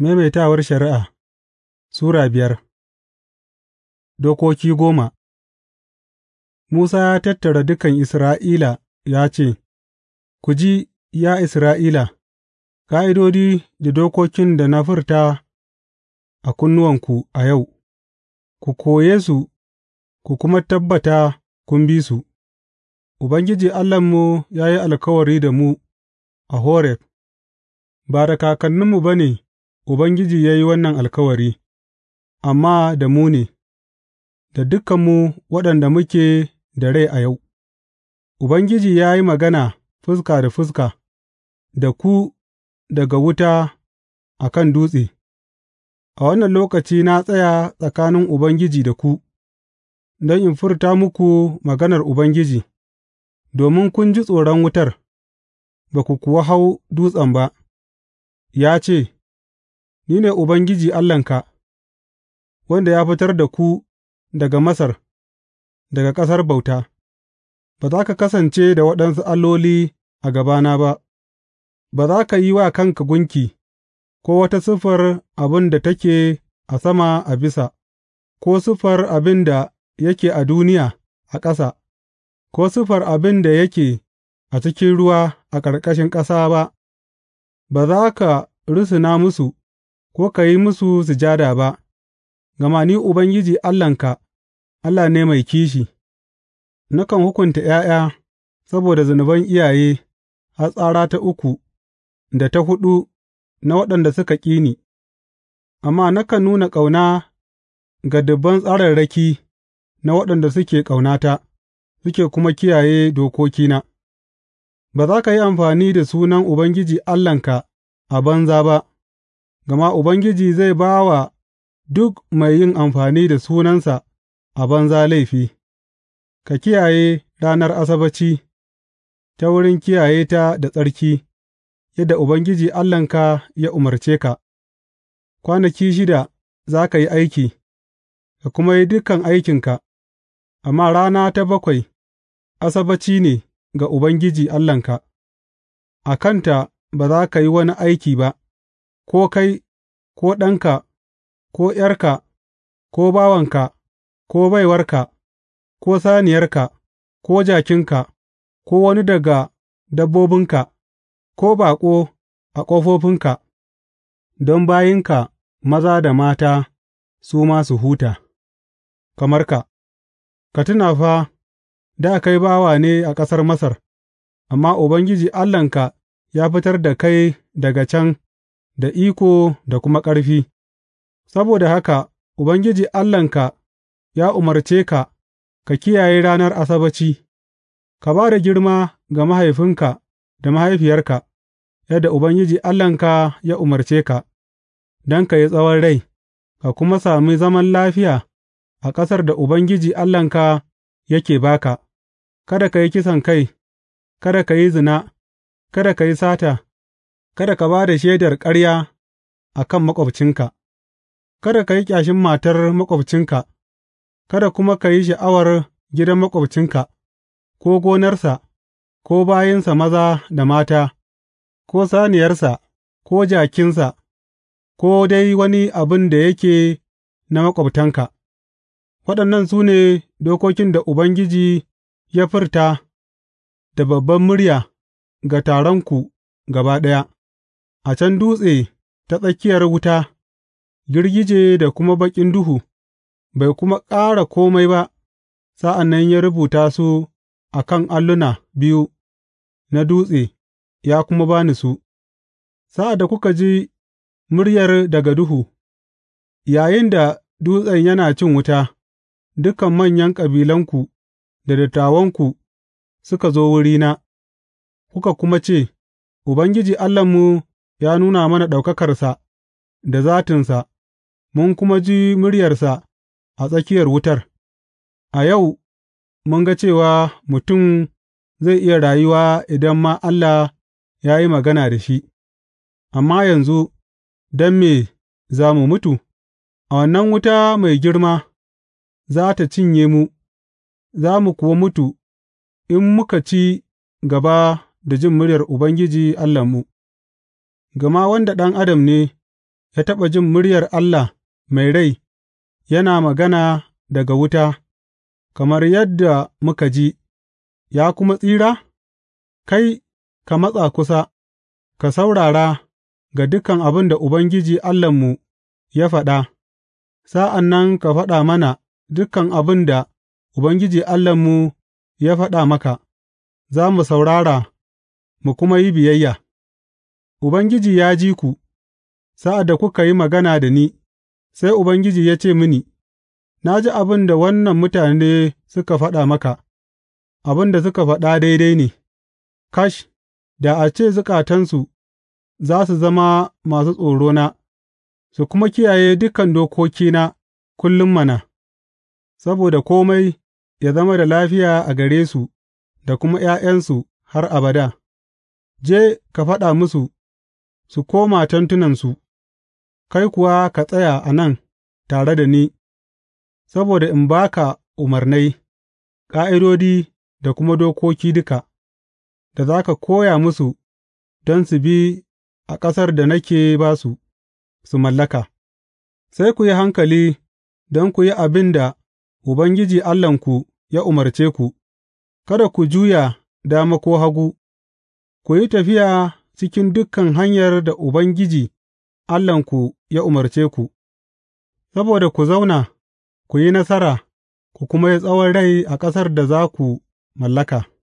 Maimaitawar Shari'a Sura biyar Dokoki goma Musa ya tattara dukan Isra'ila ya ce, Ku ji, ya Isra'ila, ƙa'idodi da dokokin da na furta a kunnuwanku a yau, ku koye su ku kuma tabbata kun bi su, Ubangiji Allahnmu ya yi alkawari da mu a Horeb, ba da kakanninmu ba ne. Ubangiji ya yi wannan alkawari, amma da mu ne, da dukanmu waɗanda muke da rai a yau, Ubangiji ya yi magana fuska da fuska da ku daga wuta a kan dutse, a wannan lokaci na tsaya tsakanin Ubangiji da ku, don in furta muku maganar Ubangiji, domin kun ji tsoron wutar, ba ku kuwa hau dutsen ba, ya ce. Ni ne Ubangiji Allahnka, wanda ya fitar da ku daga Masar, daga ƙasar bauta; ba za ka kasance da waɗansu alloli a gabana ba, ba za ka yi wa kanka gunki, ko wata siffar abin da take a sama a bisa, ko siffar abin da yake a duniya a ƙasa, ko siffar abin da yake a cikin ruwa a ƙarƙashin ƙasa ba, ba za ka rusuna musu. ko ka yi musu sujada ba, gama Ni Ubangiji Allahnka, Allah ne mai kishi, nakan hukunta ’ya'ya saboda zunuban iyaye har tsara ta uku da ta huɗu na waɗanda suka ƙi ni, amma nakan nuna ƙauna ga dubban tsararraki na waɗanda suke ƙaunata, suke kuma kiyaye dokokina, ba za ka yi amfani da sunan Ubangiji Allahnka a banza ba. gama Ubangiji zai ba wa duk mai yin amfani da sunansa a banza laifi; ka kiyaye ranar Asabbaci ta wurin kiyaye ta da tsarki, yadda Ubangiji Allahnka ya umarce ka, kwanaki shida za ka yi aiki, ka kuma yi dukan aikinka, amma rana ta bakwai Asabbaci ne ga Ubangiji Allahnka, a kanta ba za ka yi wani aiki ba. ko kai, ko ɗanka, ko ’yarka, ko bawanka, ko baiwarka, ko saniyarka, ko jakinka, ko wani daga dabbobinka, ko baƙo a ƙofofinka, don bayinka maza da mata su ma su huta, kamar ka. Ka tuna fa, da kai bawa ne a ƙasar Masar, amma Ubangiji Allahnka ya fitar da kai daga can. da iko da kuma ƙarfi, saboda haka Ubangiji Allahnka ya umarce ka ka kiyaye ranar Asabbaci, ka ba da girma ga mahaifinka da mahaifiyarka, yadda Ubangiji Allahnka ya umarce ka, don ka yi tsawon rai, ka kuma sami zaman lafiya a ƙasar da Ubangiji Allahnka yake ba ka, kada ka yi kisan kai. kada ka yi zina, kada ka yi sata. Kada ka ba da shaidar ƙarya a kan maƙwabcinka, kada ka yi ƙyashin matar maƙwabcinka, kada kuma ka yi sha'awar gidan maƙwabcinka, ko gonarsa, ko bayinsa maza da mata, ko saniyarsa, ko jakinsa, ko dai wani abin da yake na maƙwabtanka. Waɗannan su ne dokokin da Ubangiji ya furta da babbar murya ga taronku gaba ɗaya. A can dutse ta tsakiyar wuta, girgije da kuma baƙin duhu, bai kuma ƙara kome ba sa'an nan ya rubuta su a kan alluna biyu na dutse ya kuma ba ni su, sa'ad da kuka ji muryar daga duhu, yayin da dutsen yana cin wuta, dukan manyan kabilanku da dattawanku suka zo wurina, kuka kuma ce, Ubangiji Allahnmu ya nuna mana ɗaukakarsa da zatinsa, mun kuma ji muryarsa a tsakiyar wutar, a yau mun ga cewa mutum zai iya rayuwa idan ma Allah ya yi magana da shi, amma yanzu don me za mu mutu, a wannan wuta mai girma za ta cinye mu, za mu kuwa mutu in muka ci gaba da jin muryar Ubangiji Allahnmu. Gama wanda ɗan adam ne ya taɓa jin muryar Allah mai rai yana magana daga wuta, kamar yadda muka ji, ya kuma tsira? Kai, ka matsa kusa, ka saurara ga dukan abin da Ubangiji Allahnmu ya faɗa, sa'an nan ka faɗa mana dukan abin da Ubangiji Allahnmu ya faɗa maka, za mu saurara mu kuma yi biyayya. Ubangiji ya ji ku, sa'ad da kuka yi magana da ni, sai Ubangiji ya ce mini, Na ji abin da wannan mutane suka faɗa maka, abin da suka faɗa daidai ne, kash, da a ce zukatansu za su zama masu tsorona, su kuma kiyaye dukan dokokina kullum mana, saboda komai ya zama da lafiya a gare su da kuma ’ya'yansu har abada, je ka faɗa musu. su koma tentunansu, kai kuwa ka tsaya a nan tare da ni, saboda in ba ka umarnai, ƙa'idodi da kuma dokoki duka, da za ka koya musu don su bi a ƙasar da nake ba su, su mallaka, sai ku yi hankali don ku yi abin da Ubangiji Allahnku ya umarce ku, kada ku juya dama ko hagu, ku yi tafiya cikin dukan hanyar da Ubangiji Allahnku ya umarce ku, saboda ku zauna, ku yi nasara, ku kuma yi tsawon rai a ƙasar da za ku mallaka.